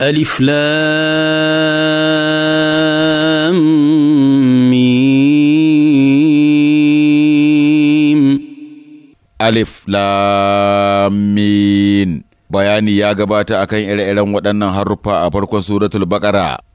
ألف لام ميم ألف لام ميم بياني يا جبات أكين إلى إلى مودنا هربا أبركون سورة البقرة